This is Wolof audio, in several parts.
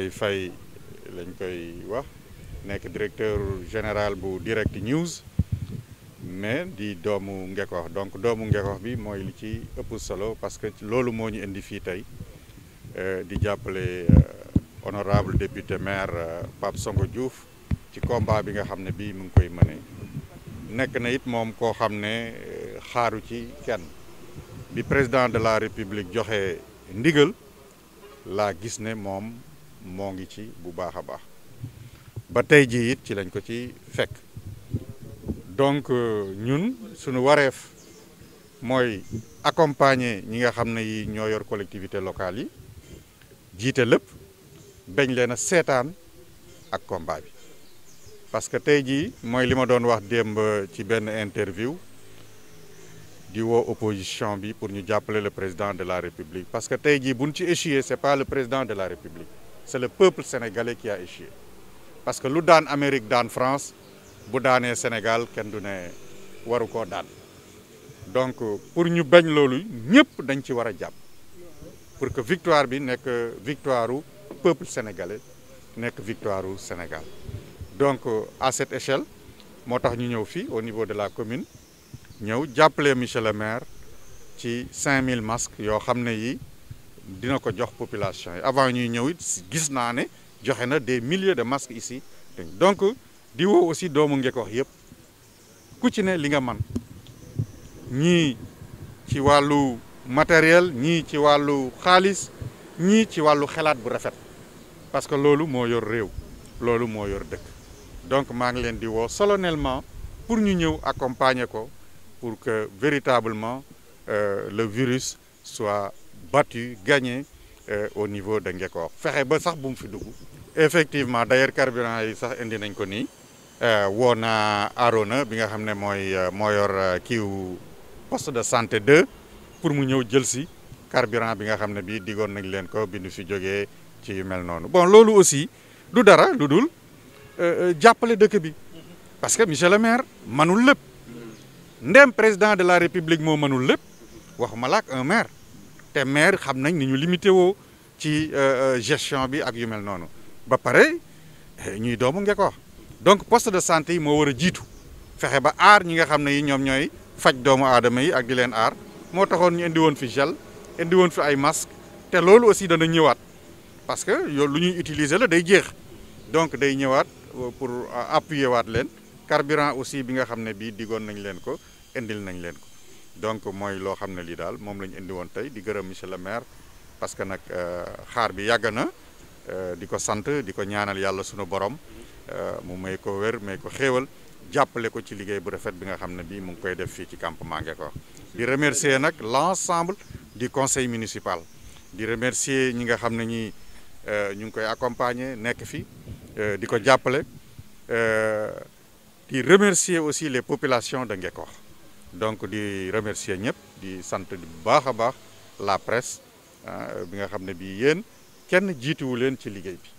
koy fay lañ koy wax directeur général bu direct news mais di doomu Ngekoox donc doomu Ngekoox bi moy li ci ëpp solo parce que lolu mo ñu indi tay euh di jàppale euh, honorable député maire euh, Pape Songo Diouf ci combat bi nga xamné bi mu ngi koy mëne nek na it mom ko xamné euh, xaru ci kenn bi président de la république joxé ndigal la gis né mom moo ci bu baax a baax ba tey ji it ci lañ ko ci fekk donc euh, ñun suñu wareef mooy accompagner ñi nga xam ne yi ñoo yor collectivité locale yi jiite lépp bañ leen a seetaan ak combat bi parce que tey jii mooy li ma doon wax démb ci benn interview di woo opposition bi pour ñu jàppale le président de la république parce que tey jii buñ ci échoué c'est pas le président de la république c'est le peuple sénégalais qui a échoué parce que l'ou daan Amérique en France est au Sénégal kenn ne de donc pour nous, bañ nous ñëpp dañ ci pour que victoire bi victoire du peuple sénégalais la victoire du Sénégal donc à cette échelle nous sommes ñu au niveau de la commune avons appelé Michel le maire ci 5000 masques dina ko jox population yi avant ñuy ñëw it gis naa ne joxe na des milliers de masques ici donc di woo aussi doomu wax yëpp ku ci ne li nga man ñii ci wàllu matériel ñii ci wàllu xaalis ñii ci wàllu xelaat bu rafet parce que loolu moo yor réew loolu moo yor dëkk donc maa ngi leen di woo solennellement pour ñu ñëw accompagner ko pour que véritablement euh, le virus soit battu gagné euh, au niveau de Ngekoox fexe ba sax bu mu effectivement d'ailleurs carburant yi sax indi nañ ko nii euh, woo na Arona bi nga xam ne euh, poste de santé 2 pour mu ñëw jël carburant bi nga xam ne bii digoon nañ leen ko ci bon lolo aussi doudara dara j'appelle euh, jàppale dëkk bi parce que Michel le maire mënul lépp ndem président de la république moo mënul lépp waxuma un maire te maire xam nañ ni ñu limité woo ci euh, euh, gestion bi ak yu mel noonu ba pare eh, ñuy doomu Ngeko donc poste de santé yi moo war a jiitu fexe ba aar ñi nga xam ne yi ñoom ñooy faj doomu aadama yi ak di leen aar moo taxoon ñu indi woon fi gel indi woon fi ay masque te loolu aussi dana ñëwaat parce que yow lu ñuy utiliser la day jeex donc day ñëwaat euh, pour appuyer waat leen carburant aussi bi nga xam ne bii digoon nañ leen ko indil nañ leen ko donc mooy loo xam ne lii daal moom la ñu indi woon tey di gërëm monsieur le maire parce que nag euh, xaar bi yàgg na euh, di ko sant di ko ñaanal yàlla sunu borom euh, mu may ko wér may ko xéewal jàppale ko ci liggéey bu rafet bi nga xam ne bii mu ngi koy def fii ci campement Ngeko di remercier nag l' ensemble du conseil municipal di remercier ñi nga xam ne ñi ñu ngi koy accompagner nekk fi di ko jàppale di remercier aussi les populations de Ngeko donc di remercier ñep di sante bu baaxa baax la presse euh, bi nga xamné ne yeen yéen kenn jiituwu leen ci liguey bi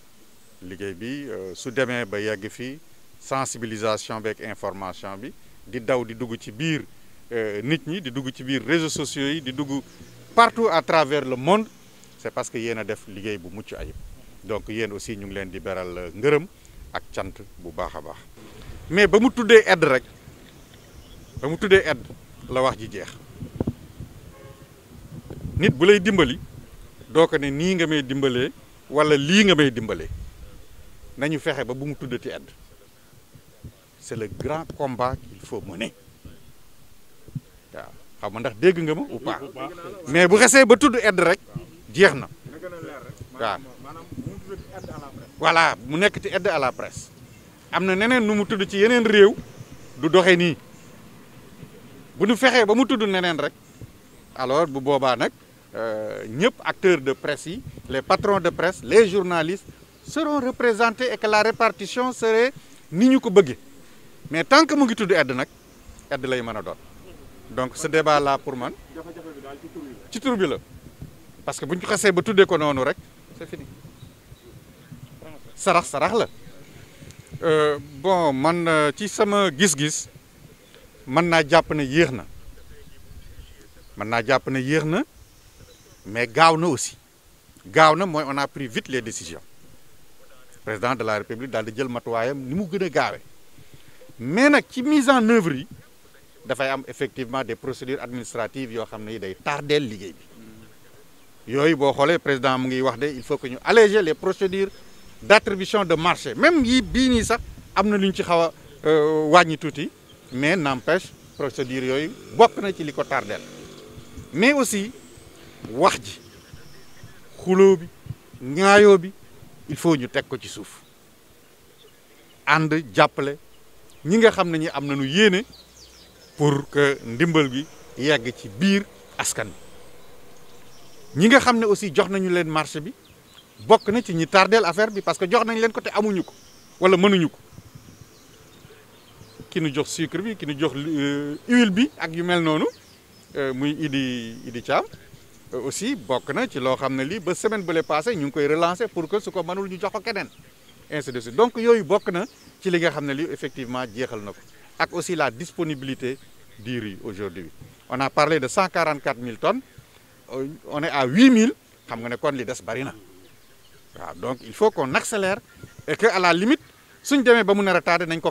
liguey bi euh, su demee ba yegg fi sensibilisation avec information bi di daw di dugg ci biir euh, nit ñi di dugg ci biir réseaux sociaux yi di dugg partout à travers le monde c'est parce que yeen a def liguey bu mucc ayib donc yeen aussi ñu ngi leen di beral ngeureum ak cyant bu baaxa baax mais ba mu tuddé aide rek. ba mu ed la wax ji jeex nit bu lay dimbali do ko ne ni nga may dimbalé wala li nga may dimbalé nañu fexé ba bu mu ti ed c'est le grand combat qu'il faut mener waaw xam ndax dégg nga ma ou pas mais bu xesee ba tudd ed rek jeex na waaw voilà mu nekk ti ed à la presse am na neneen nu mu tudd ci yenen réew du doxé ni bu ñu fexee ba mu tudd neneen rek alors bu nak euh ñepp acteurs de presse les patrons de presse les journalistes seront représentés et que la répartition serait ni ñu ko bëggé mais tant que mu ngi tudd aide nak aide lay mëna doon donc ce débat là pour man ci tur la parce que si on ne ba tuddé ko noonu rek c'est fini sarax sarax la euh, bon man euh, ci sama gis-gis man naa jàpp ne yéex na man naa jàpp ne yéex na mais gaaw na aussi gaaw na mooy on a pris vite les décisions président de la république daal di jël matuwaayam ni mu gën a gaawee mais nag ci mise en œuvre yi dafay am effectivement des procédures administratives yoo xam ne day tardeel liggéey bi yooyu boo xoolee président mu ngi wax de il faut que ñu alléger les procédures d' attribution de marché même yi bii nii sax am na lu ci xaw a euh, wàññi tuuti. mais n'empêche procédure yooyu bokk na ci li ko tardeel mais aussi wax ji xuloo bi ŋaayoo bi il faut ñu teg ko ci suuf ànd jàppale ñi nga xam ne ñi am na nañu yéene pour que ndimbal bi yegg ci biir askan bi ñi nga xam ne aussi jox nañu leen marché bi bokk na ci ñi tardeel affaire bi parce que jox nañ leen ko te amuñu ko wala mënuñu ko nous nous le sucre qui nous donne jox euh, huile bi ak yu mel euh, euh, aussi le na ci loo xam ne semaine passée nous avons relancé pour que ce soit a ñu jox ko ainsi de donc il y a eu li nga a effectivement jeexal na aussi la disponibilité du riz aujourd'hui on a parlé de 144 000 tonnes on est à 8 000 xam nga ne kon li des bari donc il faut qu'on accélère et qu'à la limite si on ba mu nar a tardé nañ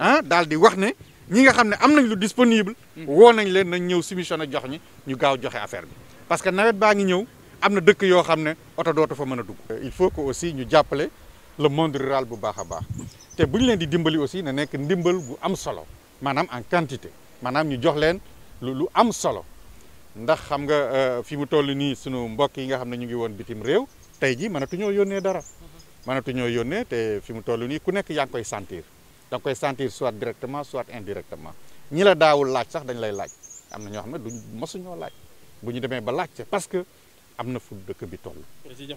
ah di wax ne ñi nga xamne ne am nañ lu disponible hmm. wo nañ leen na ñew soumission ak jox ñi ñu gaaw joxe affaire bi parce que nawet baangi ñew amna am na dëkk yoo xam ne oto fa mën dugg il faut que aussi ñu jàppale le monde rural bu baaxa baax te buñ leen di dimbali aussi na nek ndimbal bu am solo manam en quantité manam ñu jox leen lu lu am solo ndax xam nga euh, fi mu toll ni suñu mbokk yi nga xamne ñu ngi won bitim rew tay ji ñoo yónnee dara mm-hmm. ñoo yone te fi mu toll ni ku nek yaa koy sentir da nga koy sentir soit directement soit indirectement ñi la daawul laaj sax dañ lay laaj am na ñoo xam ne duñ mosuñoo laaj bu ñu demee ba laaj laajte parce que am na fu dëkk bi toll.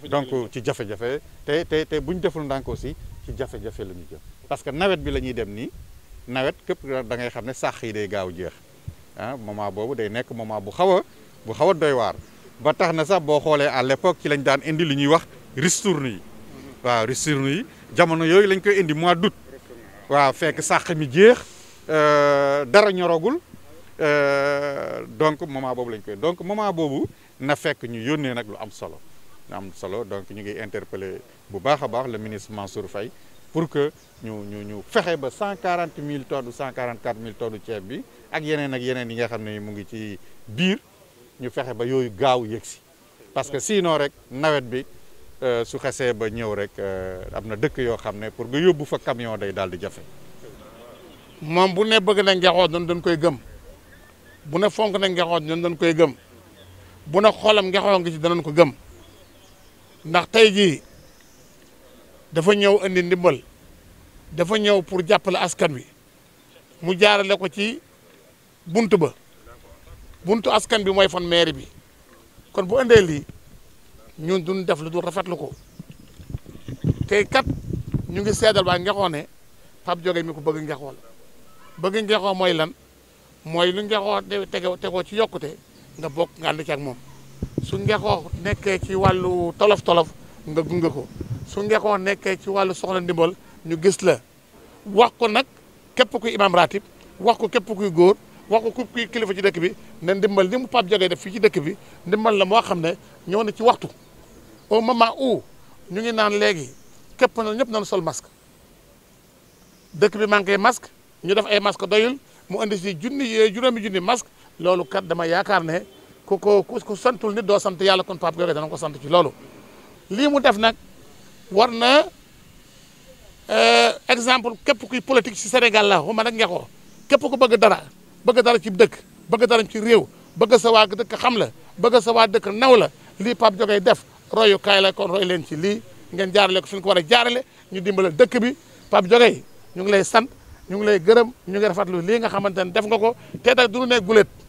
donc ci jafe-jafe te te te bu ñu deful ndànk aussi ci jafe-jafe la ñu jëm. parce que nawet bi la ñuy dem nii nawet képp da ngay xam ne sàq yi day gaaw jeex ah moment boobu day nekk moment bu xaw a bu xaw a doy waar ba tax na sax boo xoolee à l'époque ci lañ daan indi li ñuy wax ristourne yi. Mm-hmm. waaw ristourne yi jamono yooyu lañ koy indi mois d'août. waaw fekk sàq mi jeex euh, dara ñoragul euh, donc moment boobu lañ koy donc moment boobu na fekk ñu yónnee nag lu am solo lu am solo donc ñu ngi interpeller bu baax a baax le ministre Mansour Faye pour que ñu ñu ñu fexe ba cent quarante mille tonnes cent quarante quatre mille tonnes ceeb bi ak yeneen ak yeneen yi nga xam ne mu ngi ci biir ñu fexe ba yooyu gaaw yëgsi parce que sinon rek nawet bi Eh, su xasse ba ñew rek euh amna dëkk yo xamne pour nga yobbu fa camion day dal di jafe mom bu ne bëgg na ngexoot ñun dañ koy gëm bu ne fonk na ngexoot ñun dañ koy gëm bu ne xoolam ngexoo nga ci dañ ko gëm ndax tay dafa ñew andi ndimbal dafa ñew pour jappal askan wi mu jaarale ko ci buntu ba buntu askan bi moy fan maire bi kon bu li ñun duñ def lu dul rafetlu ko tey kat ñu ngi seedal waa Ngexoo ne Pape Dioguye mi ko bëgg Ngexoo la bëgg Ngexoo mooy lan mooy lu Ngexoo tegoo tegoo ci yokkute nga bokk nga ànd ci ak moom su Ngexoo nekkee ci wàllu tolof tolof nga gunge ko su Ngexoo nekkee ci wàllu soxla ndimbal ñu gis la wax ko nag képp kuy imam ratib wax ko képp kuy góor. wax ko ku kii kilifa ci dëkk bi ne ndimbal ni mu Pape Diagne def fi ci dëkk bi ndimbal la moo xam ne ñëw na ci waxtu au moment où ñu ngi naan léegi képp na ñëpp nañu sol masque dëkk bi manqué masque ñu def ay masque doyul mu indi si junni juróomi junni masque loolu kat dama yaakaar ne ku ko ku santul nit doo sant yàlla kon pap Diagne dana ko sant ci loolu lii mu def nag war na euh, exemple képp kuy politique ci Sénégal la xuma nag nga ko képp ku bëgg dara bëgg dara ci dëkk bëgg dara ci réew bëgg sa waa dëkk xam la bëgg sa dëkk naw la lii Pape Diogay def royukaay la kon roy leen ci lii ngeen jaarale ko suñ ko war a jaarale ñu dimbale dëkk bi Pape Diogay ñu ngi lay sant ñu ngi lay gërëm ñu ngi rafetlu lii nga xamante ne def nga ko te da du ne gulet